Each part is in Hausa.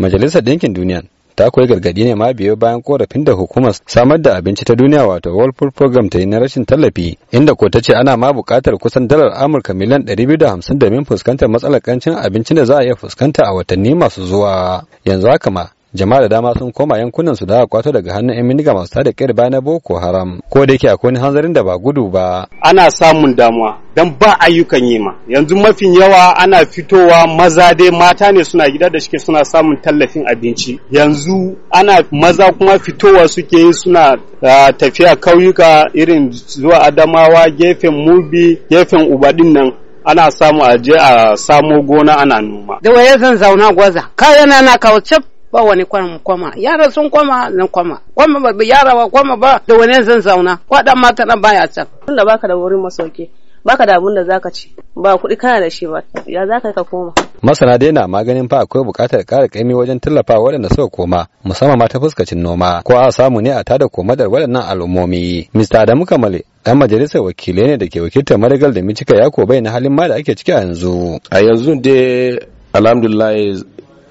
majalisar Dinkin duniya ta koyi gargadi ne ma biyo bayan korafin da hukumar samar da abinci ta duniya wato world food program ta yi na rashin tallafi inda ko ta ce ana ma buƙatar kusan dalar amurka miliyan 250 domin fuskantar matsalar kancin abinci da za a iya fuskanta a watanni masu zuwa yanzu haka ma jama'a da dama sun koma yankunan su da aka kwato daga hannun yan miniga masu tada kayar na boko haram ko da yake akwai hanzarin da ba gudu ba ana samun damuwa dan ba ayyukan yi ma yanzu mafi yawa ana fitowa maza dai mata ne suna gida da suke suna samun tallafin abinci yanzu ana maza kuma fitowa suke yi suna tafiya kauyuka irin zuwa adamawa gefen mubi gefen ubadin nan ana samu aje a samo gona ana noma da waye zan zauna gwaza kayana na kawo ba wani kwanan kwama yara sun kwama nan kwama kwama ba yara ba kwama ba da wani zan zauna kwaɗan mata na baya can tunda baka da wurin masauki baka da abun da zaka ci ba kuɗi kana da shi ba ya zaka ka koma masana dai na maganin fa akwai buƙatar ƙara ƙaimi wajen tallafa waɗanda suka koma musamman mata ta fuskacin noma ko a samu ne a tada komadar waɗannan al'ummomi mr adamu kamale ɗan majalisar wakilai ne da ke wakiltar Marigal da micika yako bai na halin ma da ake ciki a yanzu a yanzu dai alhamdulillah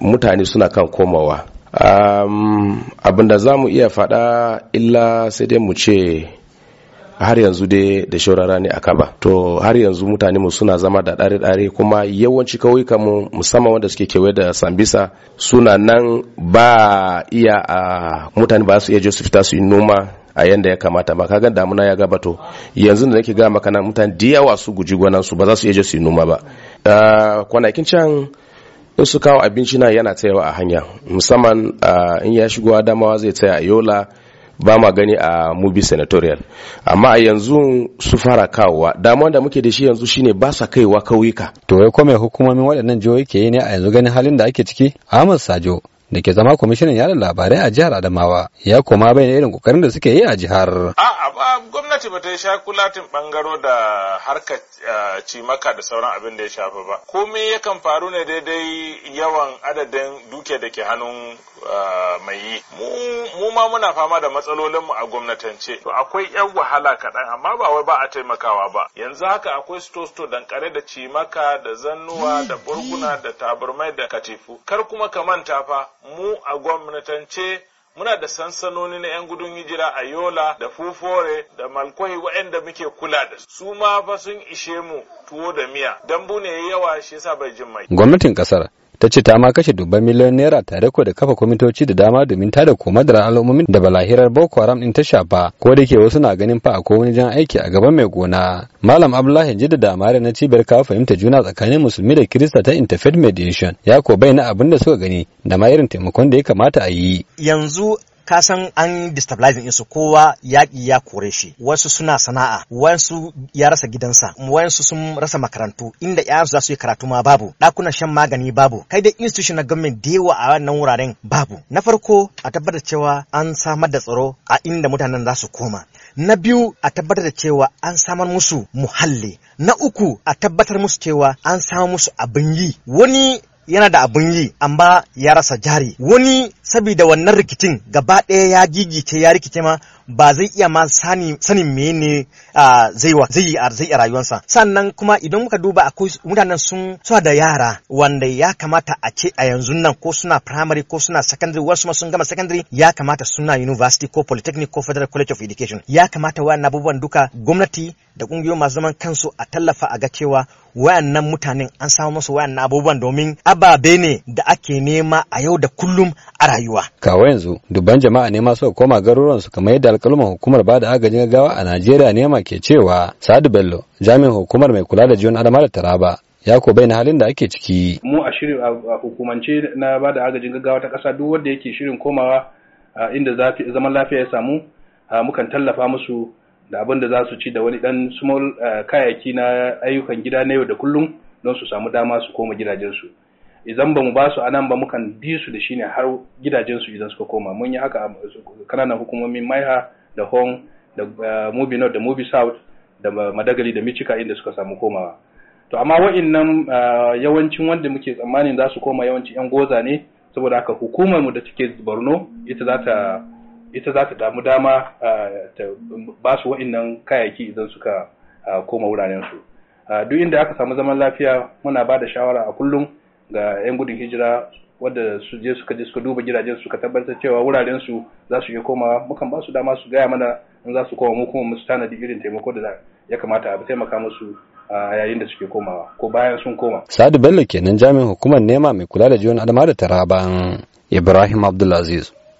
mutane suna kan komawa um, abinda za mu iya faɗa illa sai dai mu ce har yanzu dai da shaurara ne a kaba to har yanzu mutane mu suna zama da ɗare-ɗare kuma yawanci kauyuka mu musamman wanda suke kewaye da sambisa suna nan ba iya a mutane ba su iya je su fita su yi noma a yanda ya kamata ba kaga damuna ya gabato yanzu da nake ga maka mutane da yawa su guji gonan su ba za su iya je su yi noma ba kwanakin can in su kawo abinci na yana tsayawa a hanya musamman in ya shigowa damawa zai tsaya a yola ba ma gani a mubi senatorial amma a yanzu su fara kawowa damuwan da muke da shi yanzu shine ba sa kaiwa kauyuka to ya kome hukumomin waɗannan jihohi ke yi ne a yanzu ganin halin da ake ciki ahmad sajo da ke zama kwamishinan yada labarai a jihar Adamawa ya koma bayan irin kokarin da suke yi a jihar. A'a gwamnati ba ta yi kulatin bangaro da harkar eh, cimaka da sauran abin da ya shafa ba. Komai yakan faru ne daidai yawan adadin duke da ke hannun eh, mai yi. Mu ma muna fama da matsalolin mu a gwamnatance. To akwai 'yan wahala kaɗan amma ba wai ba a taimakawa ba. Yanzu haka akwai sto-sto dankare da cimaka da zannuwa da burguna da taburmai da katifu. Kar kuma ka manta fa mu a gwamnatance muna da sansanoni na 'yan gudun hijira a yola da fufore da malkwahi waɗanda muke kula da su ma fa sun ishe mu tuwo da miya dambu ne yawa shi yasa bai jin gwamnatin kasar ta ce ta ma kashe dubban miliyon naira tare ko da kafa kwamitoci da dama domin tada da al'ummomin da balahirar boko haram din ta shafa ko da ke wasu na ganin fa akwai wani jan aiki a gaban mai gona malam abdullahi jidda amare na cibiyar kawo fahimta juna tsakanin musulmi da kirista ta interfaith mediation ya ko bayyana abin da suka gani da ma irin taimakon da ya kamata a yi yanzu ka san an destabilizing insu kowa yaƙi ya kore shi wasu suna sana'a wasu ya rasa gidansa wasu sun rasa makarantu inda ƴaƴansu za su yi karatu ma babu ɗakunan shan magani babu kai dai institution na gwamnati da yawa a wannan wuraren babu na farko a tabbatar cewa an samar da tsaro a inda mutanen za su koma na biyu a tabbatar da cewa an samar musu muhalli na uku a tabbatar musu cewa an samar musu abin yi wani yana da abin yi amma ya rasa jari wani saboda wannan rikicin gaba ɗaya ya gigice ya rikice ma ba zai iya ma sanin mene zai yi a rayuwarsa sannan kuma idan muka duba akwai mutanen sun suna da yara wanda ya kamata a ce a yanzu nan ko suna primary ko suna secondary wasu ma sun gama secondary ya kamata suna university ko polytechnic ko federal college of education ya kamata wayan abubuwan duka gwamnati da kungiyoyin masu zaman kansu a tallafa a ga cewa wayannan mutanen an samu musu wayannan abubuwan domin ababe ne da ake nema a yau da kullum a rayuwa. Kawo yanzu dubban jama'a ne masu koma garuruwan garuruwansu kamar yadda alkalman hukumar bada agajin gaggawa a Najeriya nema ke cewa Sadu Bello jami'in hukumar mai kula da jiyon adama da Taraba ya ko na halin da ake ciki. Mu a shirin a hukumance na ba da agajin gaggawa ta ƙasa duk wanda yake shirin komawa inda zaman lafiya ya samu mukan tallafa musu da abin da za su ci da wani dan small eh, kayaki na ayyukan gida na yau da kullum don su samu dama su koma gidajensu idan ba mu ba su anan ba mu kan bi su da shi ne har gidajensu idan suka koma mun yi haka kananan hukumomin maiha da hong da eh, movie north da movie south da madagali da michika inda suka samu komawa to amma wa'annan eh, yawancin wanda muke tsammanin za su koma yawancin yan goza ne saboda haka hukumar mu da take borno ita za ta ita za ta damu dama ta ba su wa'innan kayayyaki idan suka koma wuraren su duk inda aka samu zaman lafiya muna ba da shawara a kullum ga 'yan gudun hijira wadda su je suka je suka duba gidajen suka tabbatar cewa wuraren su za su iya komawa mukan ba su dama su gaya mana in za su koma mu kuma musu tanadi irin taimako da ya kamata a taimaka musu a yayin da suke komawa ko bayan sun koma. Sadu Bello kenan jami'in hukumar nema mai kula da jiyon adama da Taraba Ibrahim Abdulaziz